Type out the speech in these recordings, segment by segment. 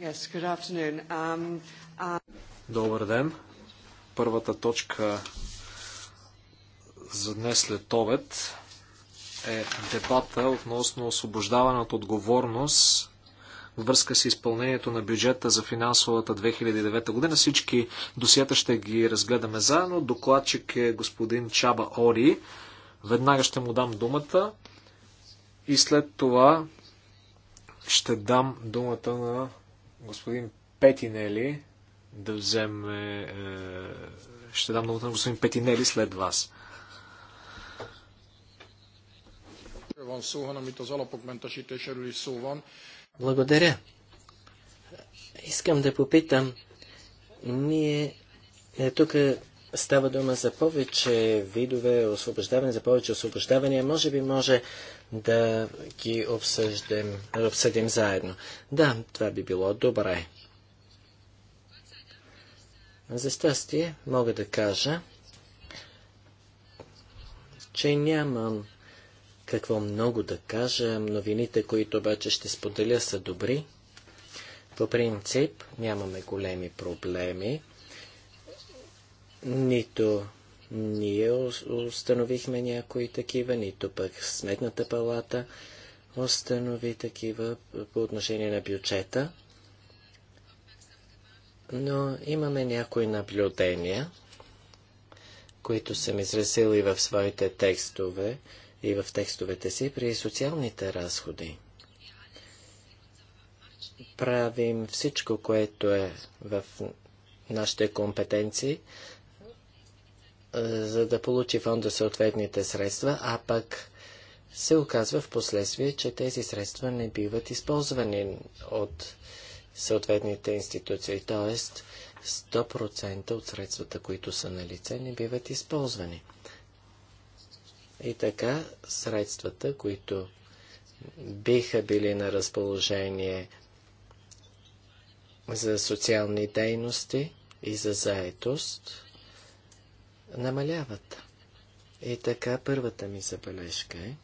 Yes, good afternoon. Um, uh... Добър ден. Първата точка за днес след обед е дебата относно освобождаване от отговорност във връзка с изпълнението на бюджета за финансовата 2009 година. Всички досията ще ги разгледаме заедно. Докладчик е господин Чаба Ори. Веднага ще му дам думата и след това ще дам думата на господин Петинели да вземе... Е, ще дам думата на господин Петинели след вас. Благодаря. Искам да попитам, ние е, тук става дума за повече видове освобождаване, за повече освобождаване. Може би може да ги обсъждем, да обсъдим заедно. Да, това би било добре. За щастие мога да кажа, че нямам какво много да кажа. Новините, които обаче ще споделя, са добри. По принцип нямаме големи проблеми, нито ние установихме някои такива, нито пък Сметната палата установи такива по отношение на бюджета. Но имаме някои наблюдения, които съм изразил и в своите текстове, и в текстовете си при социалните разходи. Правим всичко, което е в нашите компетенции, е, за да получи фонда съответните средства, а пък се оказва в последствие, че тези средства не биват използвани от съответните институции, т.е. 100% от средствата, които са на лице, не биват използвани. И така, средствата, които биха били на разположение за социални дейности и за заетост, намаляват. И така първата ми забележка е,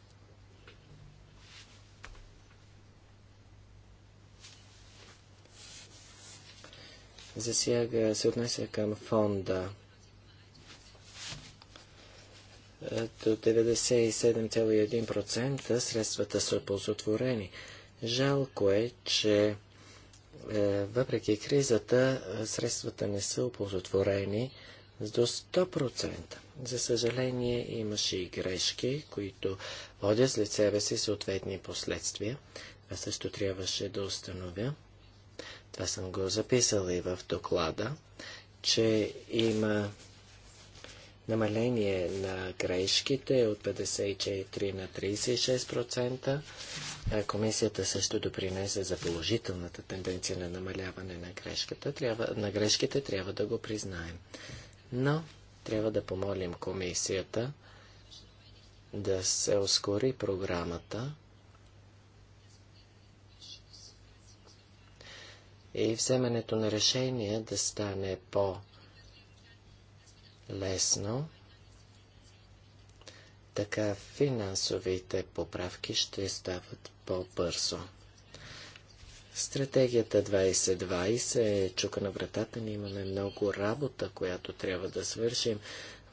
засяга, се отнася към фонда е, до 97,1% средствата са ползотворени. Жалко е, че е, въпреки кризата е, средствата не са ползотворени с до 100%. За съжаление имаше и грешки, които водят след себе си съответни последствия. Това също трябваше да установя. Това съм го записал и в доклада, че има намаление на грешките от 54 на 36%. Комисията също допринесе за положителната тенденция на намаляване на, грешката. Трябва, на грешките, трябва да го признаем но трябва да помолим комисията да се ускори програмата и вземането на решение да стане по-лесно, така финансовите поправки ще стават по-бързо. Стратегията 2020 е чука на вратата ни. Имаме много работа, която трябва да свършим.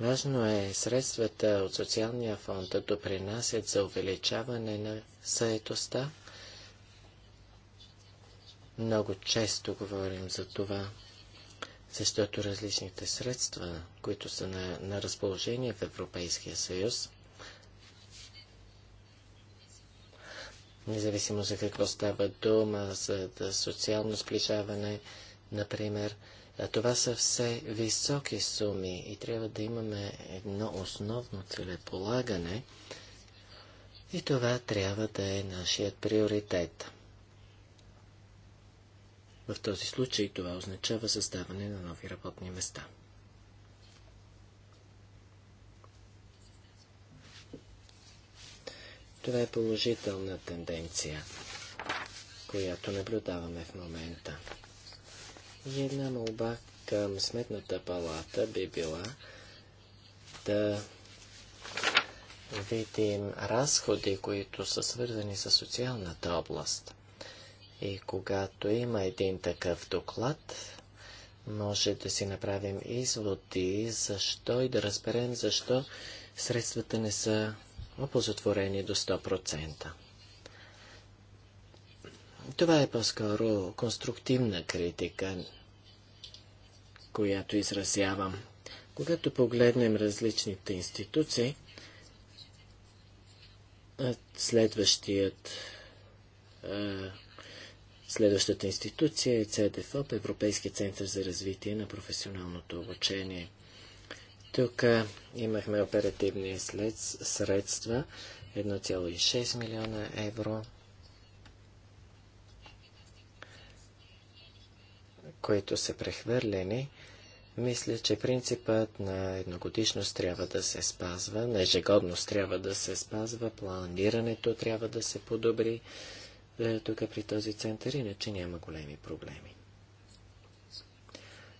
Важно е средствата от социалния фонд да допринасят за увеличаване на съетостта. Много често говорим за това, защото различните средства, които са на, на разположение в Европейския съюз, независимо за какво става дума, за социално сближаване, например. Това са все високи суми и трябва да имаме едно основно целеполагане и това трябва да е нашият приоритет. В този случай това означава създаване на нови работни места. Това е положителна тенденция, която наблюдаваме в момента. И една молба към Сметната палата би била да видим разходи, които са свързани с социалната област. И когато има един такъв доклад, може да си направим изводи, защо и да разберем защо средствата не са оползотворени до 100%. Това е по-скоро конструктивна критика, която изразявам. Когато погледнем различните институции, следващият Следващата институция е ЦДФОП, Европейски център за развитие на професионалното обучение – тук имахме оперативни средства 1,6 милиона евро, които са прехвърлени. Мисля, че принципът на едногодишност трябва да се спазва, на ежегодност трябва да се спазва, планирането трябва да се подобри е, тук при този център, иначе няма големи проблеми.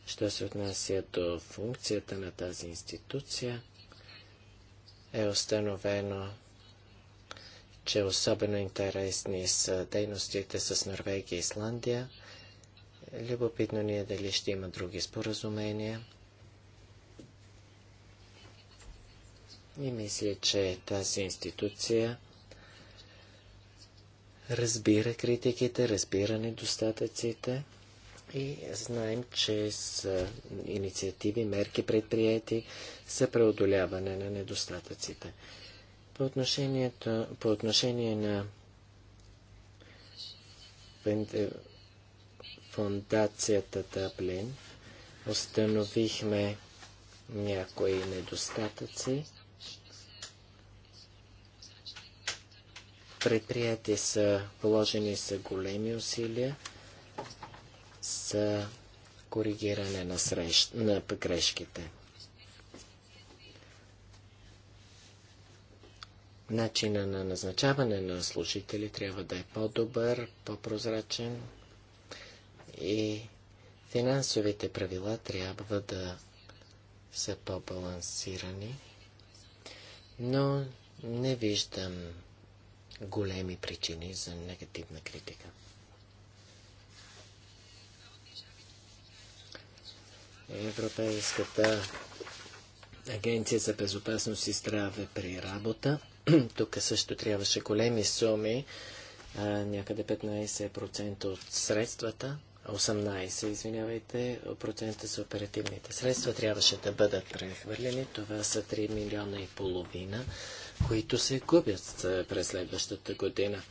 Що се отнася до функцията на тази институция, е установено, че особено интересни са дейностите с Норвегия и Исландия. Любопитно ни е дали ще има други споразумения. И мисля, че тази институция разбира критиките, разбира недостатъците и знаем, че с инициативи, мерки предприяти за преодоляване на недостатъците. По, по отношение на фундацията Таблин, установихме някои недостатъци. Предприяти са, положени са големи усилия за коригиране на, срещ, на грешките. Начина на назначаване на служители трябва да е по-добър, по-прозрачен и финансовите правила трябва да са по-балансирани, но не виждам големи причини за негативна критика. Европейската агенция за безопасност и здраве при работа. Тук също трябваше големи суми, а, някъде 15% от средствата, 18, извинявайте, процента за оперативните средства трябваше да бъдат прехвърлени. Това са 3 милиона и половина, които се губят през следващата година.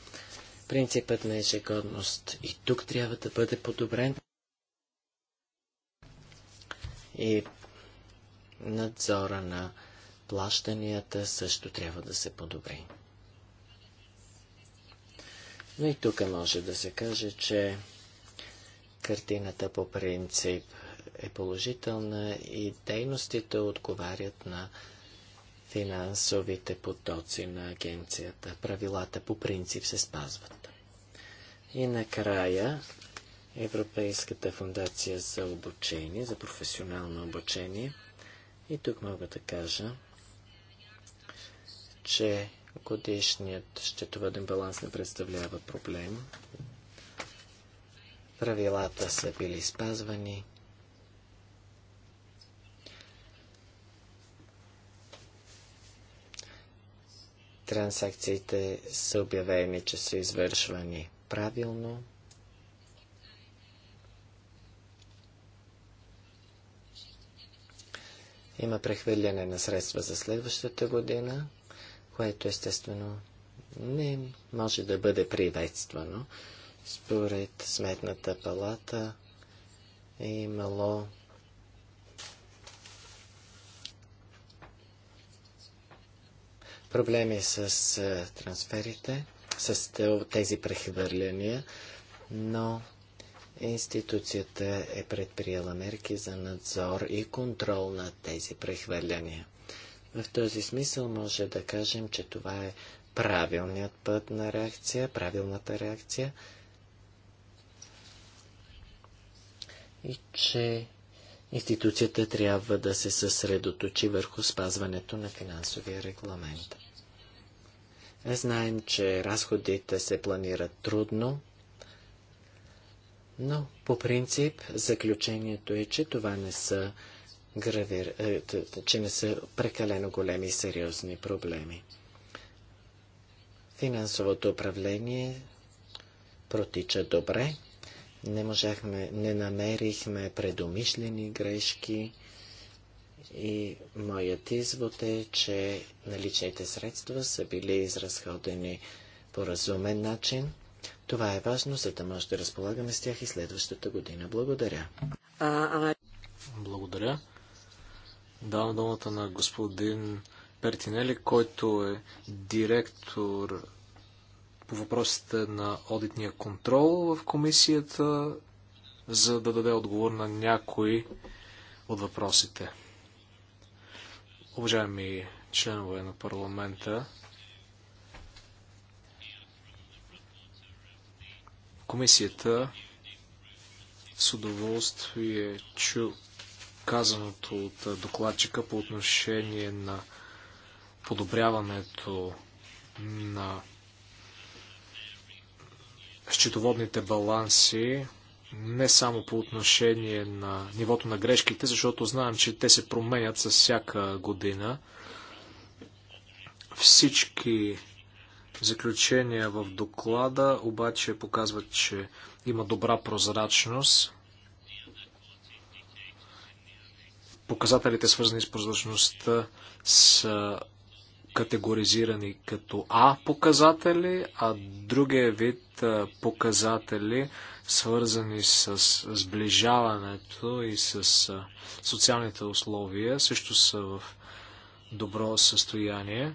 Принципът на ежегодност и тук трябва да бъде подобрен и надзора на плащанията също трябва да се подобри. Но и тук може да се каже, че картината по принцип е положителна и дейностите отговарят на финансовите потоци на агенцията. Правилата по принцип се спазват. И накрая Европейската фундация за обучение, за професионално обучение. И тук мога да кажа, че годишният счетоводен баланс не представлява проблем. Правилата са били спазвани. Трансакциите са обявени, че са извършвани правилно. Има прехвърляне на средства за следващата година, което естествено не може да бъде приветствано. Според Сметната палата е имало проблеми с трансферите, с тези прехвърляния, но Институцията е предприела мерки за надзор и контрол на тези прехвърляния. В този смисъл може да кажем, че това е правилният път на реакция, правилната реакция и че институцията трябва да се съсредоточи върху спазването на финансовия регламент. Знаем, че разходите се планират трудно, но по принцип заключението е, че това не са, гравир... Е, че не са прекалено големи и сериозни проблеми. Финансовото управление протича добре. Не можахме, не намерихме предумишлени грешки. И моят извод е, че наличните средства са били изразходени по разумен начин. Това е важно, за да може да разполагаме с тях и следващата година. Благодаря. Благодаря. Давам думата на господин Пертинели, който е директор по въпросите на одитния контрол в комисията, за да даде отговор на някои от въпросите. Уважаеми членове на парламента, Комисията с удоволствие чу казаното от докладчика по отношение на подобряването на счетоводните баланси, не само по отношение на нивото на грешките, защото знаем, че те се променят с всяка година. Всички заключения в доклада обаче показват, че има добра прозрачност. Показателите, свързани с прозрачността, са категоризирани като А показатели, а другия вид показатели, свързани с сближаването и с социалните условия, също са в добро състояние.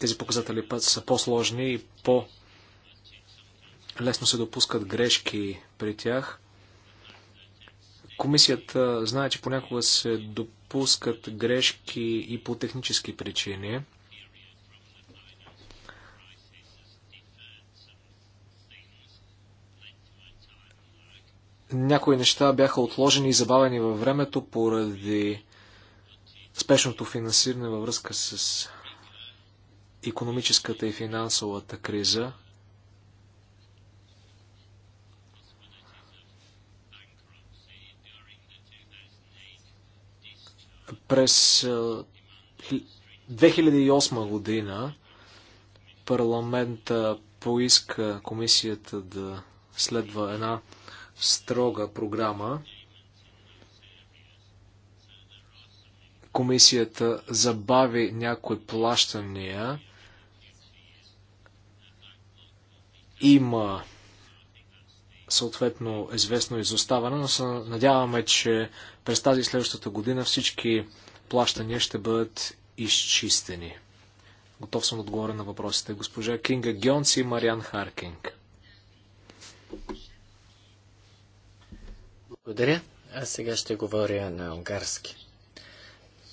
Тези показатели са по-сложни и по-лесно се допускат грешки при тях. Комисията знае, че понякога се допускат грешки и по технически причини. някои неща бяха отложени и забавени във времето поради спешното финансиране във връзка с економическата и финансовата криза. През 2008 година парламента поиска комисията да следва една строга програма. Комисията забави някои плащания има съответно известно изоставане, но се надяваме, че през тази следващата година всички плащания ще бъдат изчистени. Готов съм отговоря на въпросите. Госпожа Кинга Гьонс и Мариан Харкинг. Благодаря. Аз сега ще говоря на унгарски.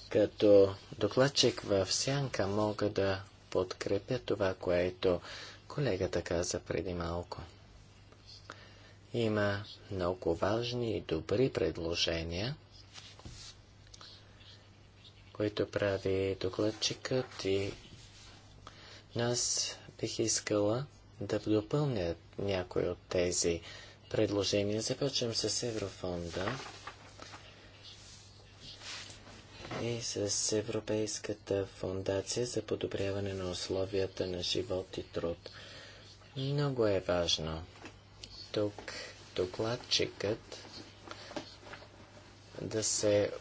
Като докладчик в Сянка мога да подкрепя това, което Колегата каза преди малко. Има много важни и добри предложения, които прави докладчикът и аз бих искала да допълня някои от тези предложения. Започвам с Еврофонда и с Европейската фундация за подобряване на условията на живот и труд. Много е важно. Тук докладчикът да се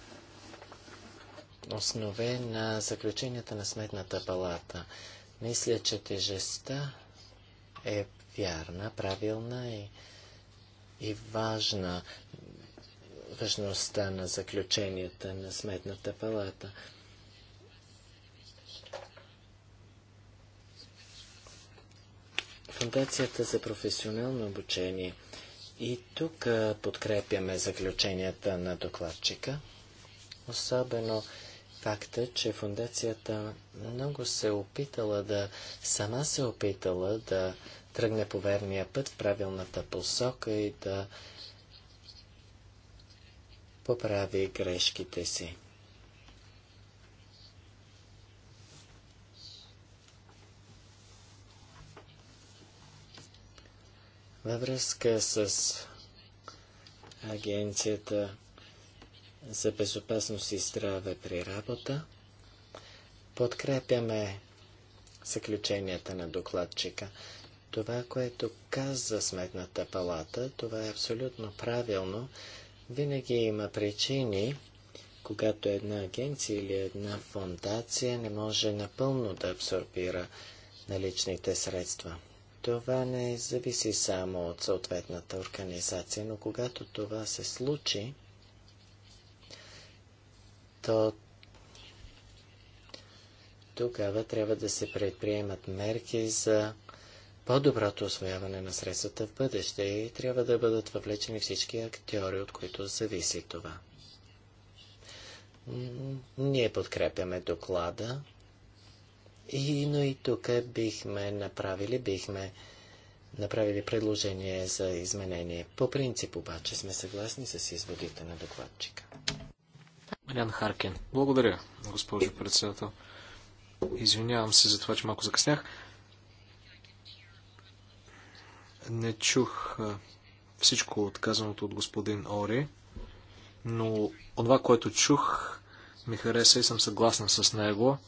основе на заключенията на Сметната палата. Мисля, че тежестта е вярна, правилна и, и важна. Важността на заключенията на Сметната палата – Фундацията за професионално обучение. И тук подкрепяме заключенията на докладчика, особено факта, че фундацията много се опитала да, сама се опитала да тръгне по верния път в правилната посока и да поправи грешките си. Във връзка с Агенцията за безопасност и здраве при работа, подкрепяме заключенията на докладчика. Това, което каза Сметната палата, това е абсолютно правилно. Винаги има причини, когато една агенция или една фондация не може напълно да абсорбира наличните средства това не зависи само от съответната организация, но когато това се случи, то тогава трябва да се предприемат мерки за по-доброто освояване на средствата в бъдеще и трябва да бъдат въвлечени всички актьори, от които зависи това. Ние подкрепяме доклада. И, но и тук бихме направили, бихме направили предложение за изменение. По принцип обаче сме съгласни с изводите на докладчика. Мариан Харкин. Благодаря, госпожо председател. Извинявам се за това, че малко закъснях. Не чух всичко отказаното от господин Ори, но това, което чух, ми хареса и съм съгласен с него.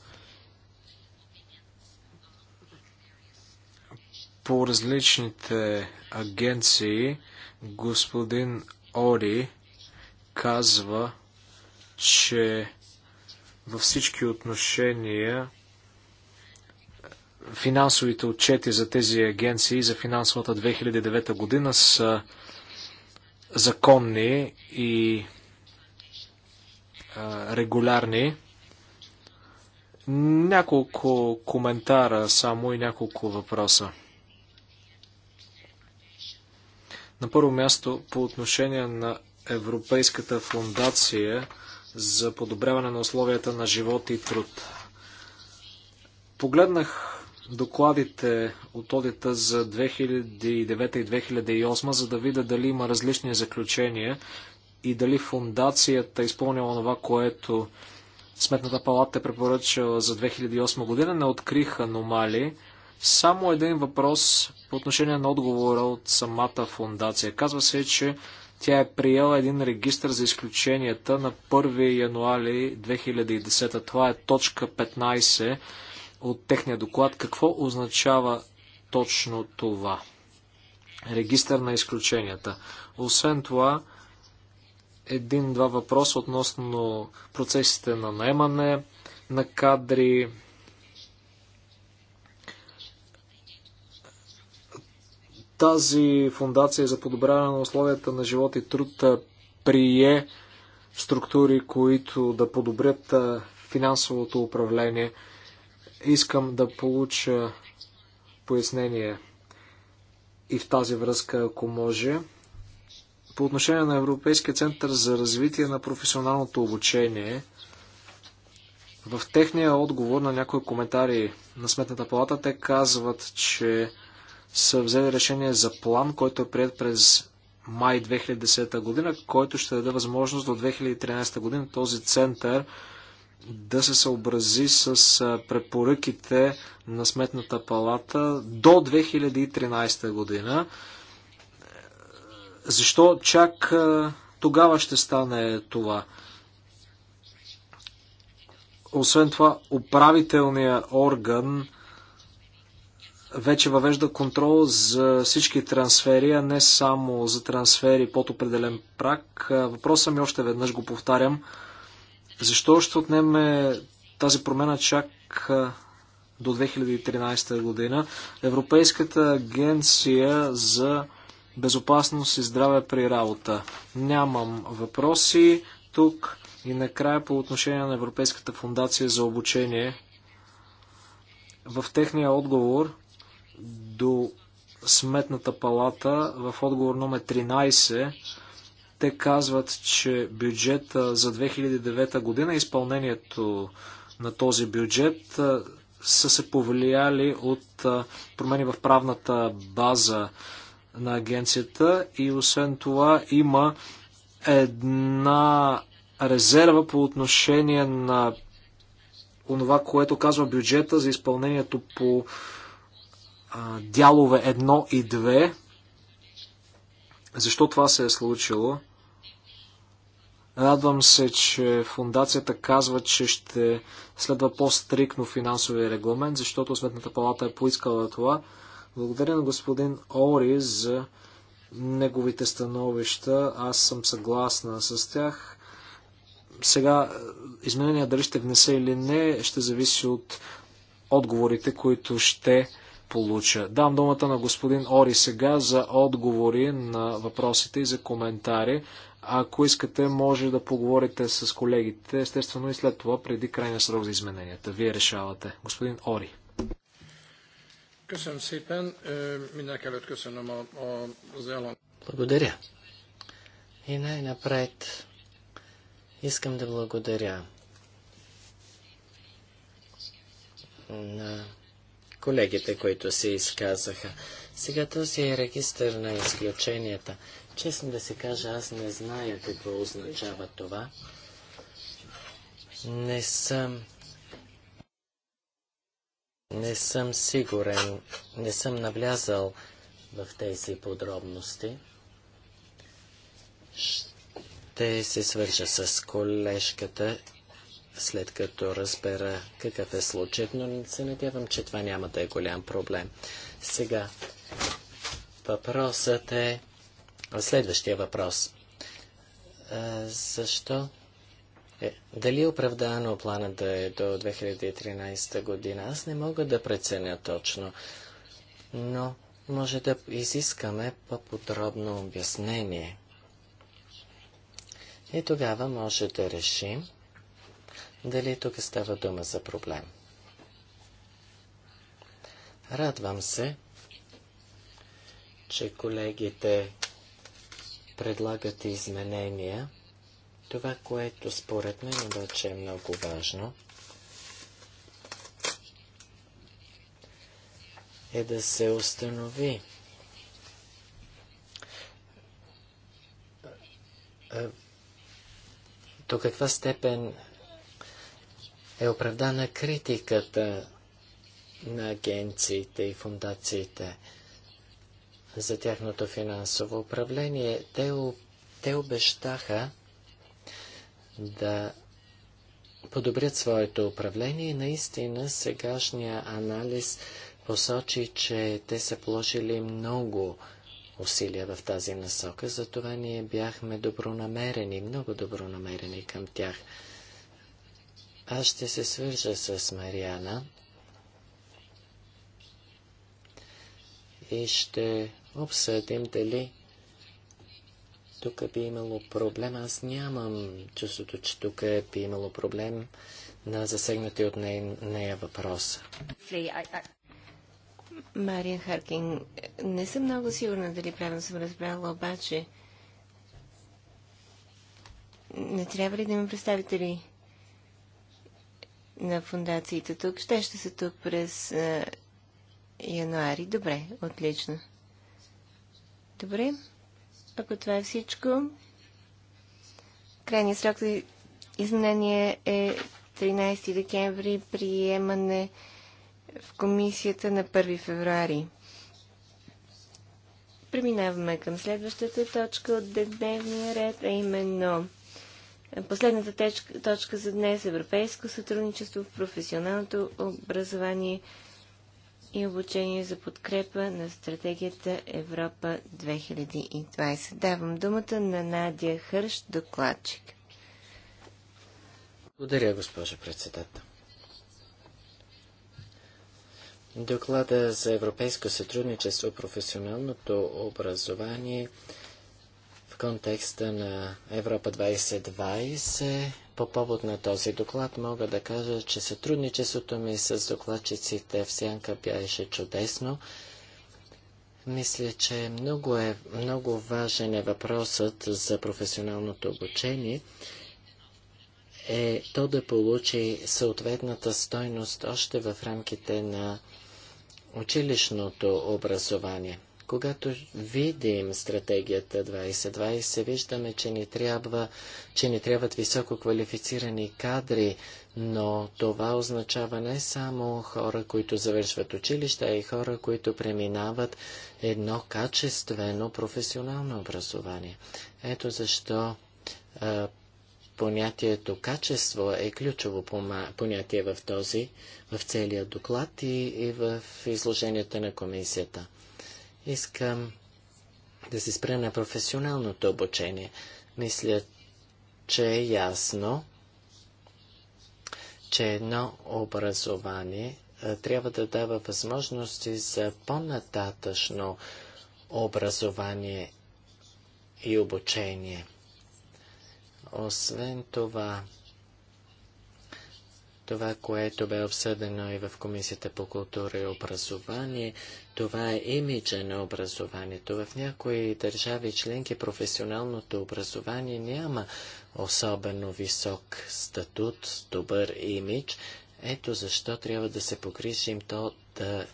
по различните агенции, господин Ори казва, че във всички отношения финансовите отчети за тези агенции за финансовата 2009 година са законни и регулярни. Няколко коментара само и няколко въпроса. На първо място, по отношение на Европейската фундация за подобряване на условията на живот и труд. Погледнах докладите от одита за 2009 и 2008, за да видя дали има различни заключения и дали фундацията е изпълнила това, което Сметната палата е препоръчала за 2008 година. Не открих аномалии. Само един въпрос по отношение на отговора от самата фундация. Казва се, че тя е приела един регистр за изключенията на 1 януари 2010. Това е точка 15 от техния доклад. Какво означава точно това? Регистър на изключенията. Освен това, един-два въпроса относно процесите на наемане на кадри, Тази фундация за подобряване на условията на живот и труд прие структури, които да подобрят финансовото управление. Искам да получа пояснение и в тази връзка, ако може. По отношение на Европейския център за развитие на професионалното обучение, в техния отговор на някои коментари на Сметната палата те казват, че са взели решение за план, който е прият през май 2010 година, който ще даде възможност до 2013 година този център да се съобрази с препоръките на Сметната палата до 2013 година. Защо чак тогава ще стане това? Освен това, управителният орган вече въвежда контрол за всички трансфери, а не само за трансфери под определен прак. Въпросът ми още веднъж го повтарям. Защо ще отнеме тази промена чак до 2013 година? Европейската агенция за безопасност и здраве при работа. Нямам въпроси тук и накрая по отношение на Европейската фундация за обучение. В техния отговор до Сметната палата в отговор номер 13. Те казват, че бюджета за 2009 година, изпълнението на този бюджет са се повлияли от промени в правната база на агенцията и освен това има една резерва по отношение на онова, което казва бюджета за изпълнението по дялове 1 и 2. Защо това се е случило? Радвам се, че фундацията казва, че ще следва по-стрикно финансовия регламент, защото Сметната палата е поискала това. Благодаря на господин Ори за неговите становища. Аз съм съгласна с тях. Сега, е, изменения дали ще внесе или не, ще зависи от отговорите, които ще получа. Дам думата на господин Ори сега за отговори на въпросите и за коментари. Ако искате, може да поговорите с колегите, естествено и след това, преди крайния срок за измененията. Вие решавате. Господин Ори. Благодаря. И най-напред искам да благодаря на колегите, които се изказаха. Сега този е регистър на изключенията. Честно да се кажа, аз не зная какво означава това. Не съм... Не съм сигурен, не съм навлязал в тези подробности. Ще се свържа с колежката след като разбера какъв е случай, но се надявам, че това няма да е голям проблем. Сега, въпросът е... Следващия въпрос. А, защо? Е, дали е оправдано плана да е до 2013 година? Аз не мога да преценя точно, но може да изискаме по-подробно обяснение. И тогава може да решим дали тук става дума за проблем. Радвам се, че колегите предлагат изменения. Това, което според мен обаче е много важно, е да се установи до каква степен е оправдана критиката на агенциите и фундациите за тяхното финансово управление. Те, те обещаха да подобрят своето управление и наистина сегашния анализ посочи, че те са положили много усилия в тази насока, затова ние бяхме добронамерени, много добронамерени към тях. Аз ще се свържа с Мариана и ще обсъдим дали тук би имало проблем. Аз нямам чувството, че тук би имало проблем на засегнати от нея, нея въпроса. Мариан Харкин, не съм много сигурна дали правилно съм разбрала, обаче не трябва ли да има представители на фундациите тук. Ще ще са тук през е, януари. Добре, отлично. Добре, ако това е всичко, крайният срок за изменение е 13 декември, приемане в комисията на 1 февруари. Преминаваме към следващата точка от дневния ред, а именно Последната течка, точка за днес е европейско сътрудничество в професионалното образование и обучение за подкрепа на стратегията Европа 2020. Давам думата на Надя Хърш, докладчик. Благодаря, госпожо председател. Доклада за европейско сътрудничество, професионалното образование контекста на Европа 2020 по повод на този доклад мога да кажа, че сътрудничеството ми с докладчиците в Сянка бяше чудесно. Мисля, че много, е, много важен е въпросът за професионалното обучение е то да получи съответната стойност още в рамките на училищното образование. Когато видим стратегията 2020, виждаме, че ни, трябва, че ни трябват високо квалифицирани кадри, но това означава не само хора, които завършват училища, а и хора, които преминават едно качествено професионално образование. Ето защо а, понятието качество е ключово понятие в този, в целия доклад и, и в изложенията на комисията. Искам да се спра на професионалното обучение. Мисля, че е ясно, че едно образование трябва да дава възможности за по-нататъчно образование и обучение. Освен това, това, което бе обсъдено и в Комисията по култура и образование, това е имиджа на образованието. В някои държави членки професионалното образование няма особено висок статут, добър имидж. Ето защо трябва да се погрижим то да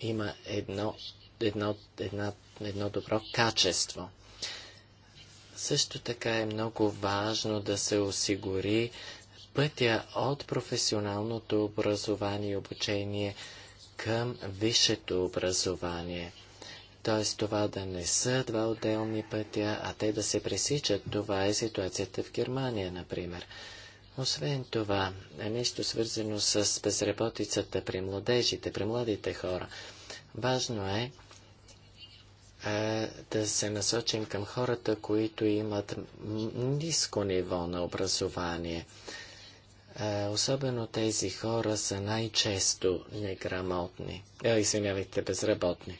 има едно, едно, една, едно добро качество. Също така е много важно да се осигури пътя от професионалното образование и обучение към висшето образование. Т.е. това да не са два отделни пътя, а те да се пресичат. Това е ситуацията в Германия, например. Освен това, е нещо свързано с безработицата при младежите, при младите хора. Важно е, е да се насочим към хората, които имат ниско ниво на образование. Е, особено тези хора са най-често неграмотни. Е, извинявайте, безработни.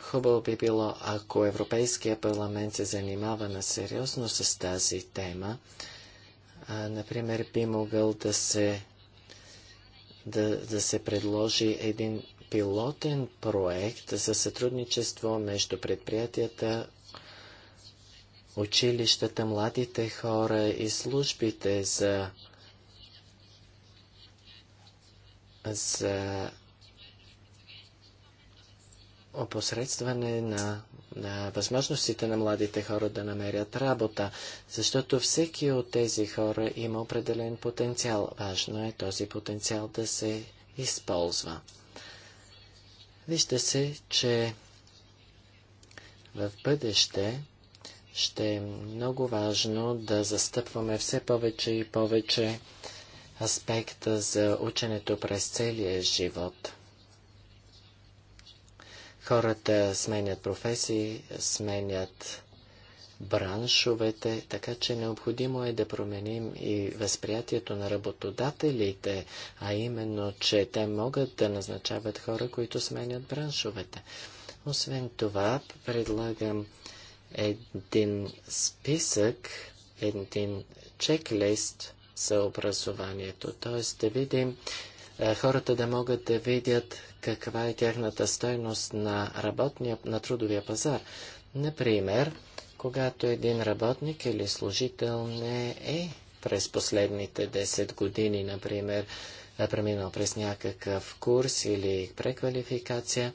Хубаво би било, ако Европейския парламент се занимава на сериозно с тази тема. А, например, би могъл да се, да, да се предложи един пилотен проект за сътрудничество между предприятията, училищата, младите хора и службите за, за опосредстване на, на възможностите на младите хора да намерят работа, защото всеки от тези хора има определен потенциал. Важно е този потенциал да се използва. Вижте се, че в бъдеще ще е много важно да застъпваме все повече и повече аспекта за ученето през целия живот. Хората сменят професии, сменят браншовете, така че необходимо е да променим и възприятието на работодателите, а именно, че те могат да назначават хора, които сменят браншовете. Освен това, предлагам един списък, един чеклист за образованието, т.е. да видим е, хората да могат да видят каква е тяхната стойност на работния, на трудовия пазар. Например, когато един работник или служител не е през последните 10 години, например, е преминал през някакъв курс или преквалификация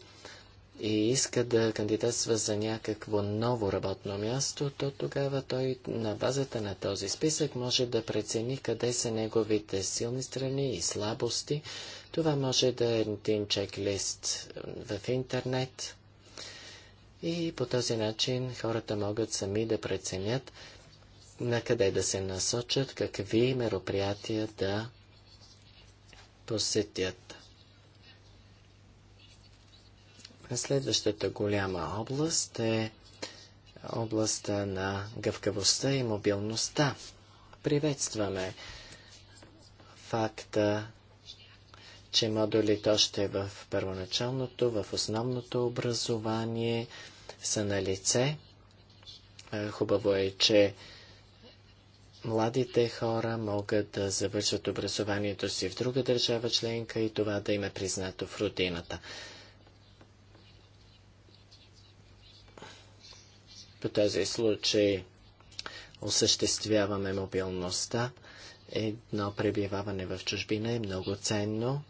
и иска да кандидатства за някакво ново работно място, то тогава той на базата на този списък може да прецени къде са неговите силни страни и слабости. Това може да е един чеклист в интернет, и по този начин хората могат сами да преценят на къде да се насочат, какви мероприятия да посетят. Следващата голяма област е областта на гъвкавостта и мобилността. Приветстваме факта, че модулите още в първоначалното, в основното образование – са на лице. Хубаво е, че младите хора могат да завършат образованието си в друга държава членка и това да им е признато в родината. По този случай осъществяваме мобилността. Едно пребиваване в чужбина е много ценно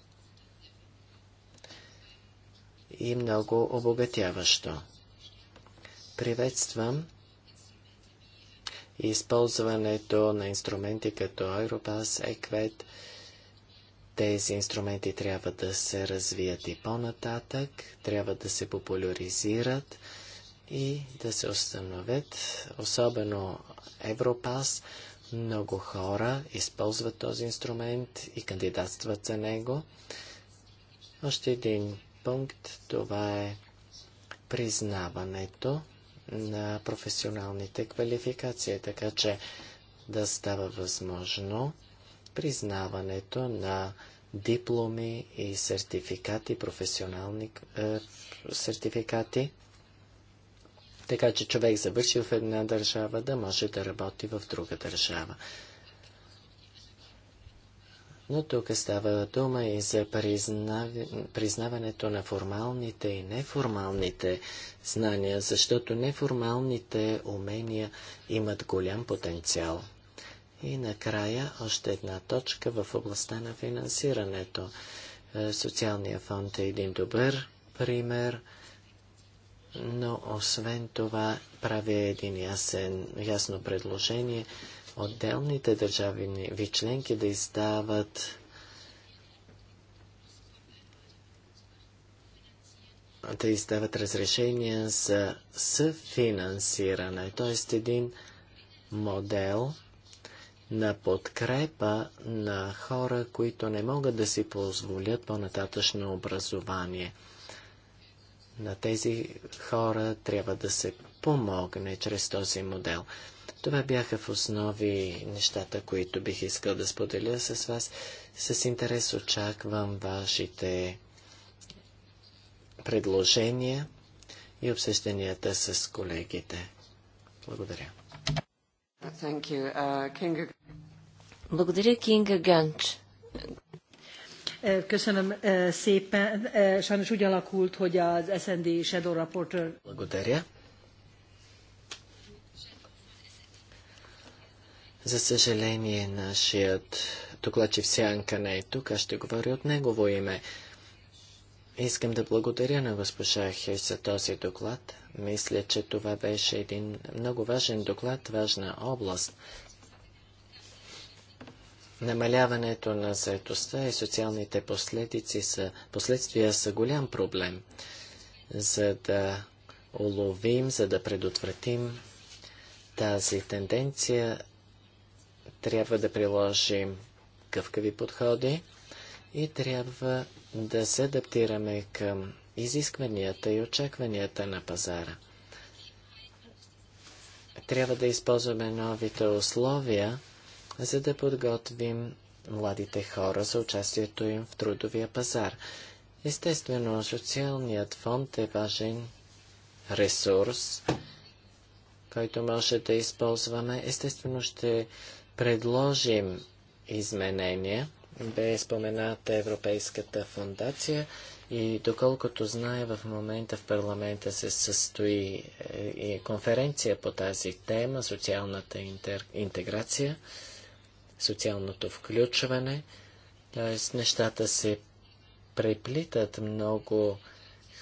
и много обогатяващо. Приветствам използването на инструменти като Eurobus, Еквет. Тези инструменти трябва да се развият и по-нататък, трябва да се популяризират и да се установят, особено Европас. Много хора използват този инструмент и кандидатстват за него. Още един пункт, това е признаването на професионалните квалификации, така че да става възможно признаването на дипломи и сертификати, професионални е, сертификати, така че човек завършил в една държава да може да работи в друга държава. Но тук става дума и за признав... признаването на формалните и неформалните знания, защото неформалните умения имат голям потенциал. И накрая още една точка в областта на финансирането. Е, Социалния фонд е един добър пример, но освен това прави един ясен, ясно предложение – отделните държави ви членки да издават да издават разрешения за съфинансиране, т.е. един модел на подкрепа на хора, които не могат да си позволят по-нататъчно образование. На тези хора трябва да се помогне чрез този модел. Това бяха в основи нещата, които бих искал да споделя с вас. С интерес очаквам вашите предложения и обсъжданията с колегите. Благодаря. Uh, Благодаря, Кинга Ганч. Е, Köszönöm е, szépen. Е, sajnos úgy alakult, hogy az SND Shadow Reporter... Благодаря. За съжаление, нашият докладчик Сянка не е тук, аз ще говоря от негово име. Искам да благодаря на госпожа Хейс за този доклад. Мисля, че това беше един много важен доклад, важна област. Намаляването на заетостта и социалните последици са, последствия са голям проблем. За да уловим, за да предотвратим тази тенденция, трябва да приложим гъвкави подходи и трябва да се адаптираме към изискванията и очакванията на пазара. Трябва да използваме новите условия, за да подготвим младите хора за участието им в трудовия пазар. Естествено, социалният фонд е важен ресурс, който може да използваме. Естествено, ще предложим изменения. Бе спомената Европейската фундация и доколкото знае в момента в парламента се състои и е, е, конференция по тази тема, социалната интер... интеграция, социалното включване, т.е. нещата се преплитат много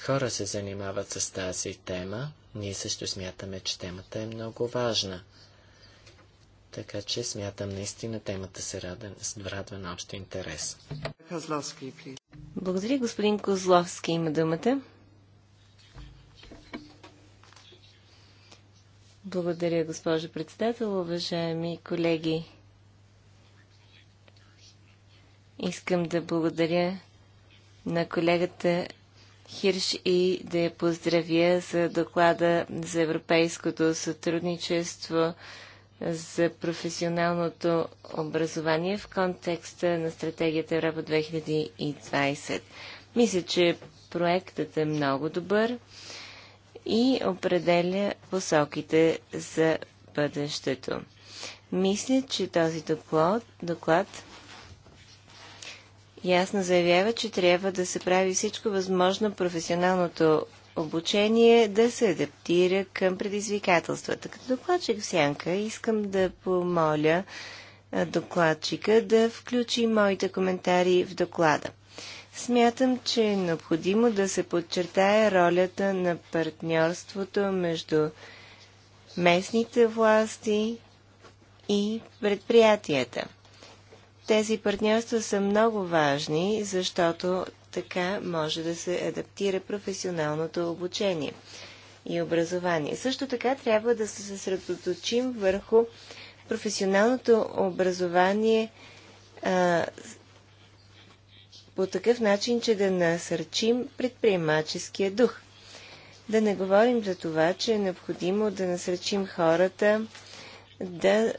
хора се занимават с тази тема. Ние също смятаме, че темата е много важна. Така че смятам наистина темата се рада, радва на общо интерес. Благодаря, господин Козловски. Има думата. Благодаря, госпожо председател, уважаеми колеги. Искам да благодаря на колегата Хирш и да я поздравя за доклада за европейското сътрудничество за професионалното образование в контекста на стратегията Европа 2020. Мисля, че проектът е много добър и определя посоките за бъдещето. Мисля, че този доклад, доклад ясно заявява, че трябва да се прави всичко възможно професионалното обучение да се адаптира към предизвикателствата. Като докладчик в Сянка искам да помоля докладчика да включи моите коментари в доклада. Смятам, че е необходимо да се подчертая ролята на партньорството между местните власти и предприятията. Тези партньорства са много важни, защото така може да се адаптира професионалното обучение и образование. Също така трябва да се съсредоточим върху професионалното образование а, по такъв начин, че да насърчим предприемаческия дух. Да не говорим за това, че е необходимо да насърчим хората да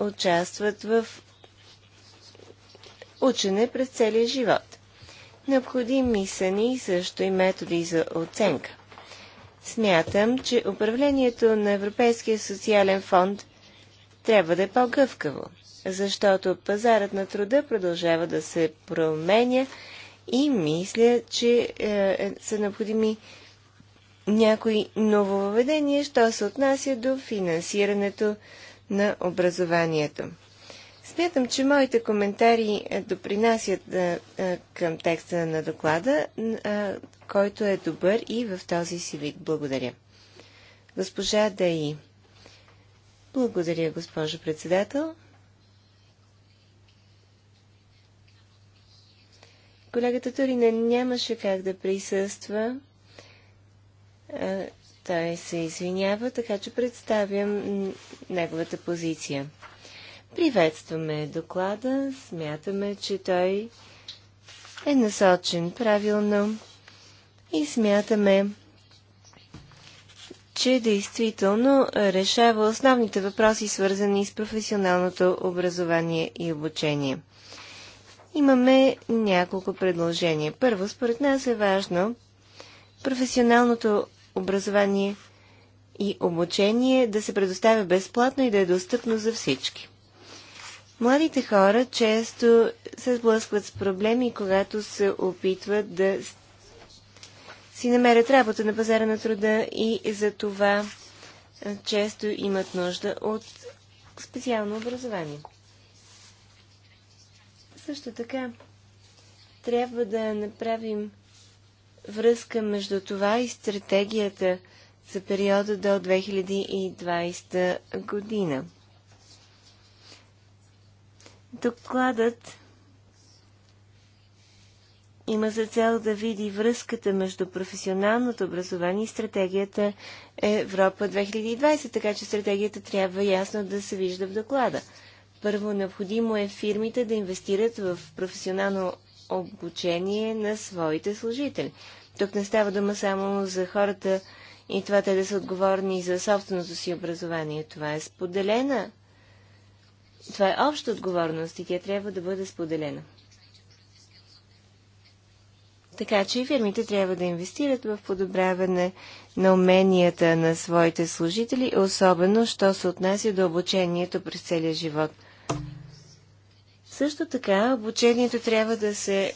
участват в учене през целия живот. Необходими са ни също и методи за оценка. Смятам, че управлението на Европейския социален фонд трябва да е по-гъвкаво, защото пазарът на труда продължава да се променя и мисля, че е, е са необходими някои нововведения, що се отнася до финансирането на образованието. Смятам, че моите коментари е, допринасят е, е, към текста на доклада, който е добър и в този си вид. Благодаря. Госпожа Даи. Благодаря, госпожо председател. Колегата Турина нямаше как да присъства. Той се извинява, така че представям неговата позиция. Приветстваме доклада, смятаме, че той е насочен правилно и смятаме, че действително решава основните въпроси, свързани с професионалното образование и обучение. Имаме няколко предложения. Първо, според нас е важно професионалното образование и обучение да се предоставя безплатно и да е достъпно за всички. Младите хора често се сблъскват с проблеми, когато се опитват да си намерят работа на пазара на труда и за това често имат нужда от специално образование. Също така, трябва да направим връзка между това и стратегията за периода до 2020 година. Докладът има за цел да види връзката между професионалното образование и стратегията Европа 2020, така че стратегията трябва ясно да се вижда в доклада. Първо, необходимо е фирмите да инвестират в професионално обучение на своите служители. Тук не става дума само за хората и това те да са отговорни за собственото си образование. Това е споделена това е обща отговорност и тя трябва да бъде споделена. Така че и фирмите трябва да инвестират в подобряване на уменията на своите служители, особено, що се отнася до обучението през целия живот. Също така, обучението трябва да се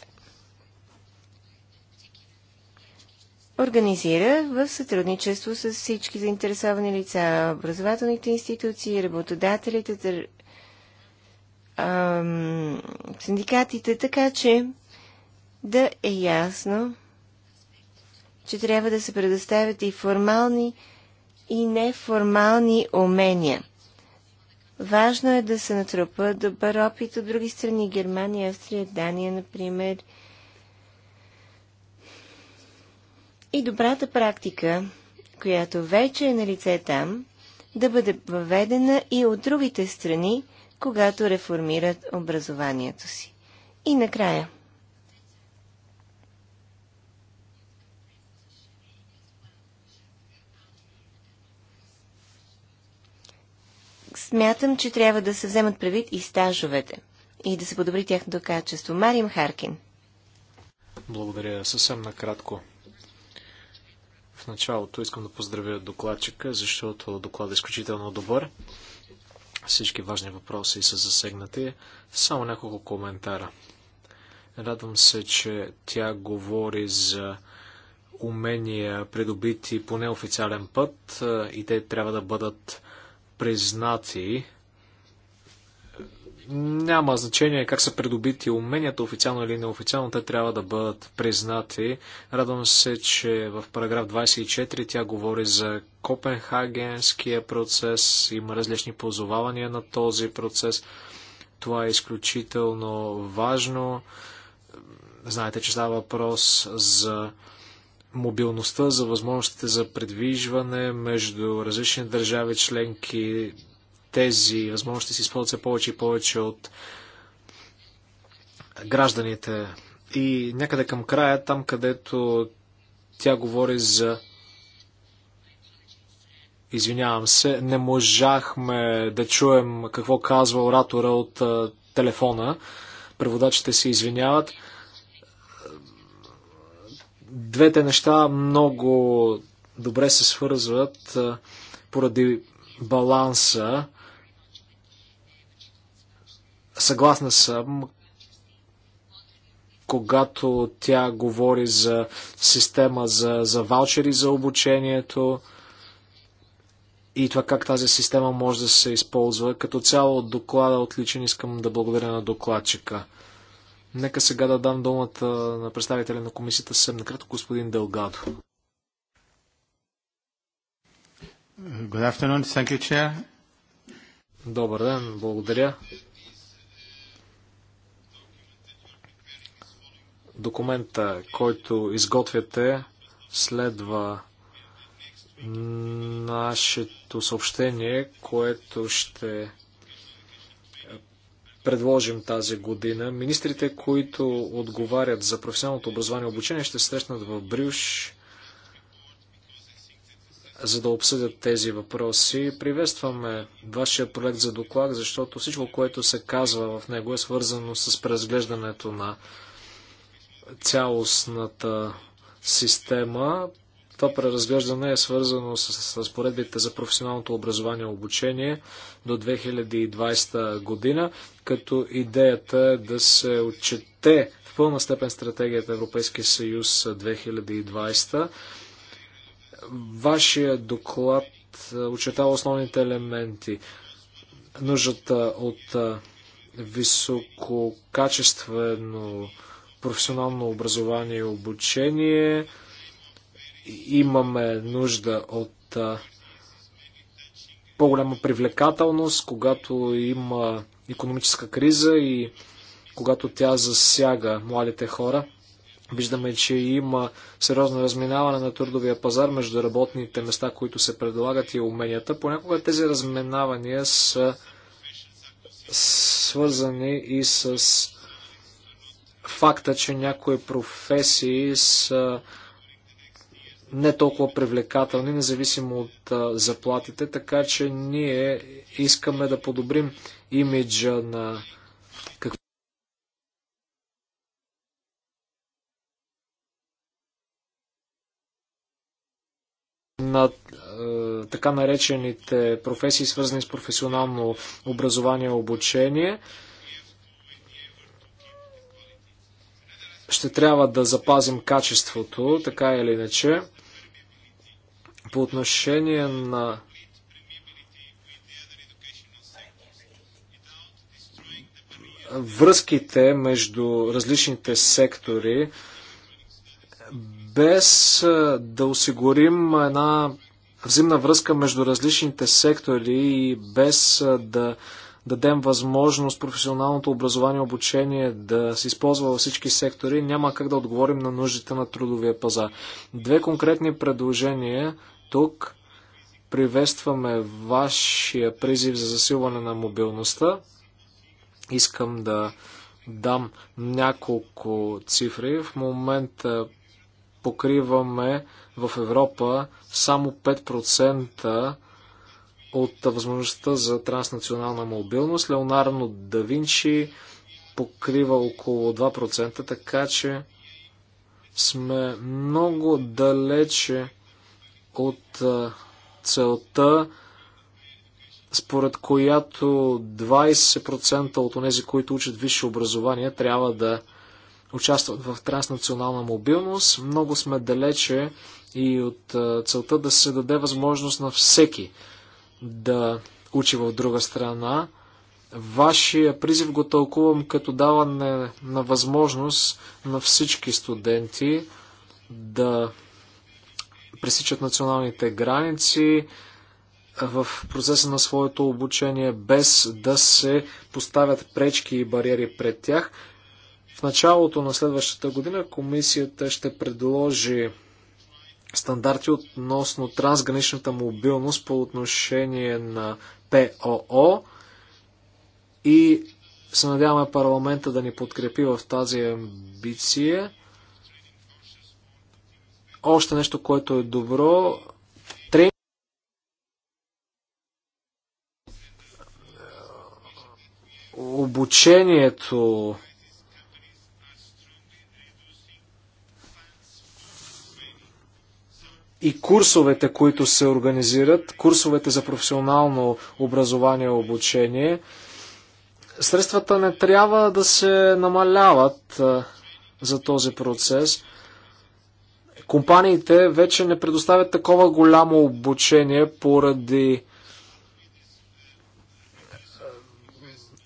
организира в сътрудничество с всички заинтересовани лица, образователните институции, работодателите, ам, синдикатите, така че да е ясно, че трябва да се предоставят и формални и неформални умения. Важно е да се натрупа добър опит от други страни, Германия, Австрия, Дания, например. И добрата практика, която вече е на лице там, да бъде въведена и от другите страни, когато реформират образованието си. И накрая. Смятам, че трябва да се вземат правит и стажовете и да се подобри тяхното качество. Марим Харкин. Благодаря. Съвсем накратко. В началото искам да поздравя докладчика, защото докладът е изключително добър. Всички важни въпроси са засегнати. Само няколко коментара. Радвам се, че тя говори за умения, придобити по неофициален път и те трябва да бъдат признати няма значение как са придобити уменията, официално или неофициално, те трябва да бъдат признати. Радвам се, че в параграф 24 тя говори за Копенхагенския процес, има различни позовавания на този процес. Това е изключително важно. Знаете, че става въпрос за мобилността, за възможностите за предвижване между различни държави членки, тези възможности се използват все повече и повече от гражданите. И някъде към края, там където тя говори за Извинявам се, не можахме да чуем какво казва оратора от а, телефона. Преводачите се извиняват. Двете неща много добре се свързват а, поради баланса. Съгласна съм, когато тя говори за система за, за ваучери за обучението и това как тази система може да се използва. Като цяло от доклада отличен искам да благодаря на докладчика. Нека сега да дам думата на представителя на комисията съм накрат господин Делгадо. Good afternoon. Thank you, Chair. Добър ден, благодаря. Документа, който изготвяте, следва нашето съобщение, което ще предложим тази година. Министрите, които отговарят за професионалното образование и обучение, ще срещнат в Брюш, за да обсъдят тези въпроси. Приветстваме вашия проект за доклад, защото всичко, което се казва в него е свързано с преразглеждането на цялостната система. Това преразглеждане е свързано с разпоредбите за професионалното образование и обучение до 2020 година, като идеята е да се отчете в пълна степен стратегията Европейския съюз 2020. Вашия доклад е, отчетава основните елементи. Нуждата от е, висококачествено професионално образование и обучение. Имаме нужда от по-голяма привлекателност, когато има економическа криза и когато тя засяга младите хора. Виждаме, че има сериозно разминаване на трудовия пазар между работните места, които се предлагат и уменията. Понякога тези разминавания са свързани и с факта, че някои професии са не толкова привлекателни, независимо от заплатите, така че ние искаме да подобрим имиджа на на е, така наречените професии, свързани с професионално образование и обучение. ще трябва да запазим качеството, така или иначе. По отношение на връзките между различните сектори, без да осигурим една взаимна връзка между различните сектори и без да дадем възможност професионалното образование и обучение да се използва във всички сектори, няма как да отговорим на нуждите на трудовия пазар. Две конкретни предложения тук. Приветстваме вашия призив за засилване на мобилността. Искам да дам няколко цифри. В момента покриваме в Европа само 5% от възможността за транснационална мобилност. Леонардо да Винчи покрива около 2%, така че сме много далече от целта, според която 20% от тези, които учат висше образование, трябва да участват в транснационална мобилност. Много сме далече и от целта да се даде възможност на всеки да учи в друга страна. Вашия призив го тълкувам като даване на възможност на всички студенти да пресичат националните граници в процеса на своето обучение, без да се поставят пречки и бариери пред тях. В началото на следващата година комисията ще предложи стандарти относно трансграничната мобилност по отношение на ПОО и се надяваме парламента да ни подкрепи в тази амбиция. Още нещо, което е добро. Трени... Обучението и курсовете, които се организират, курсовете за професионално образование и обучение, средствата не трябва да се намаляват за този процес. Компаниите вече не предоставят такова голямо обучение поради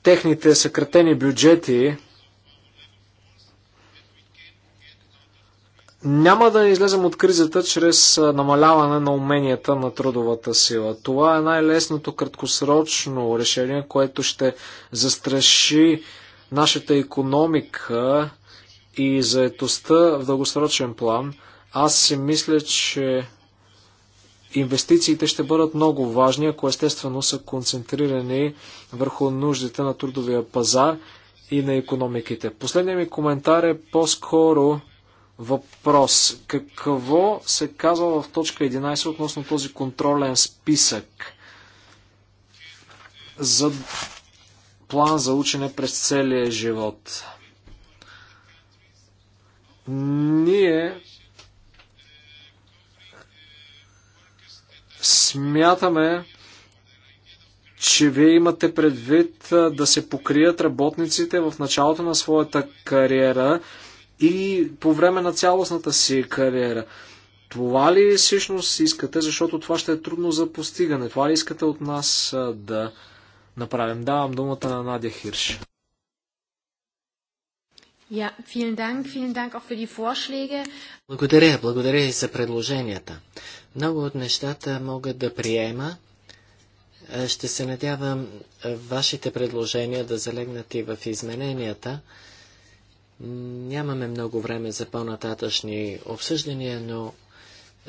техните съкратени бюджети Няма да излезем от кризата чрез намаляване на уменията на трудовата сила. Това е най-лесното краткосрочно решение, което ще застраши нашата економика и заетостта в дългосрочен план. Аз си мисля, че инвестициите ще бъдат много важни, ако естествено са концентрирани върху нуждите на трудовия пазар и на економиките. Последният ми коментар е по-скоро въпрос. Какво се казва в точка 11 относно този контролен списък за план за учене през целия живот? Ние смятаме, че вие имате предвид да се покрият работниците в началото на своята кариера и по време на цялостната си кариера. Това ли всъщност искате, защото това ще е трудно за постигане? Това ли искате от нас да направим? Давам думата на Надя Хирш. Ja, vielen Dank, vielen Dank auch für die Vorschläge. Благодаря, благодаря и за предложенията. Много от нещата могат да приема. Е, ще се надявам е, вашите предложения да залегнат и в измененията. Нямаме много време за по-нататъчни обсъждания, но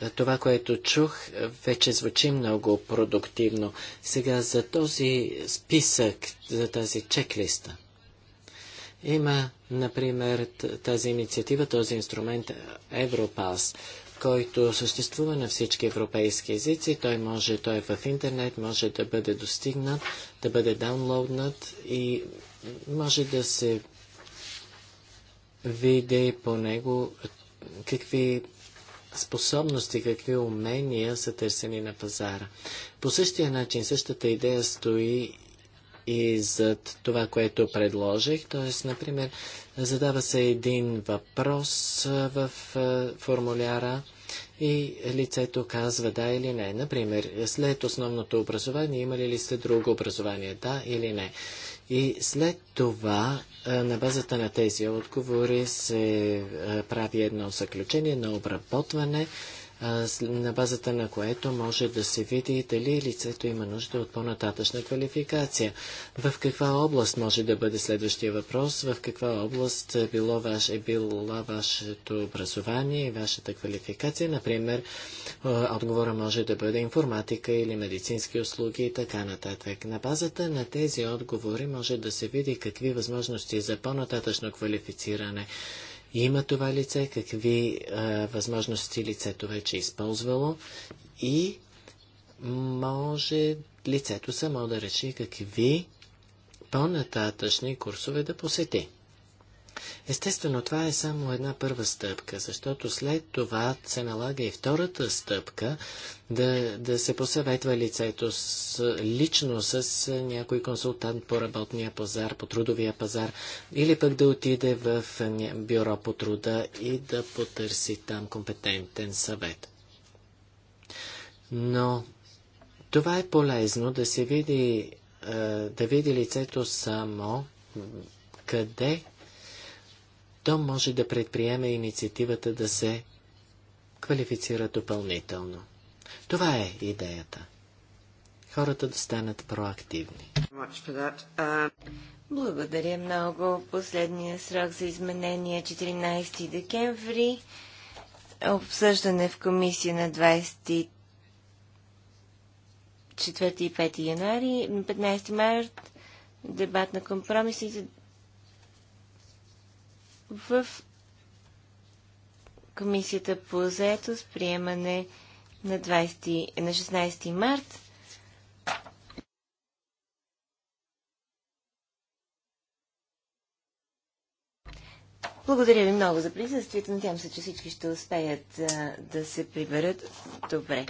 е, това, което чух, е, вече звучи много продуктивно. Сега за този списък, за тази чеклиста. Има, например, тази инициатива, този инструмент е, Европас, който съществува на всички европейски езици. Той може, той е в интернет, може да бъде достигнат, да бъде даунлоуднат и може да се види по него какви способности, какви умения са търсени на пазара. По същия начин, същата идея стои и зад това, което предложих. Т.е. например, задава се един въпрос в формуляра и лицето казва да или не. Например, след основното образование имали ли сте друго образование, да или не. И след това, е, на базата на тези отговори, се е, прави едно заключение на обработване на базата на което може да се види дали лицето има нужда от по-нататъчна квалификация. В каква област може да бъде следващия въпрос, в каква област е било ваш, е била вашето образование и вашата квалификация. Например, отговора може да бъде информатика или медицински услуги и така нататък. На базата на тези отговори може да се види какви възможности за по-нататъчно квалифициране има това лице, какви а, възможности лицето вече е използвало и може лицето само да реши какви по-нататъчни курсове да посети. Естествено, това е само една първа стъпка, защото след това се налага и втората стъпка да, да се посъветва лицето с, лично с някой консултант по работния пазар, по трудовия пазар, или пък да отиде в бюро по труда и да потърси там компетентен съвет. Но това е полезно да се види, да види лицето само къде то може да предприеме инициативата да се квалифицира допълнително. Това е идеята. Хората да станат проактивни. Благодаря много. Последния срок за изменение 14 е декември. Обсъждане в комисия на 24 4 и 5 януари, 15 март, дебат на компромисите в Комисията по заето с приемане на, 20, на 16 март. Благодаря ви много за присъствието. Надявам се, че всички ще успеят а, да се приберат добре.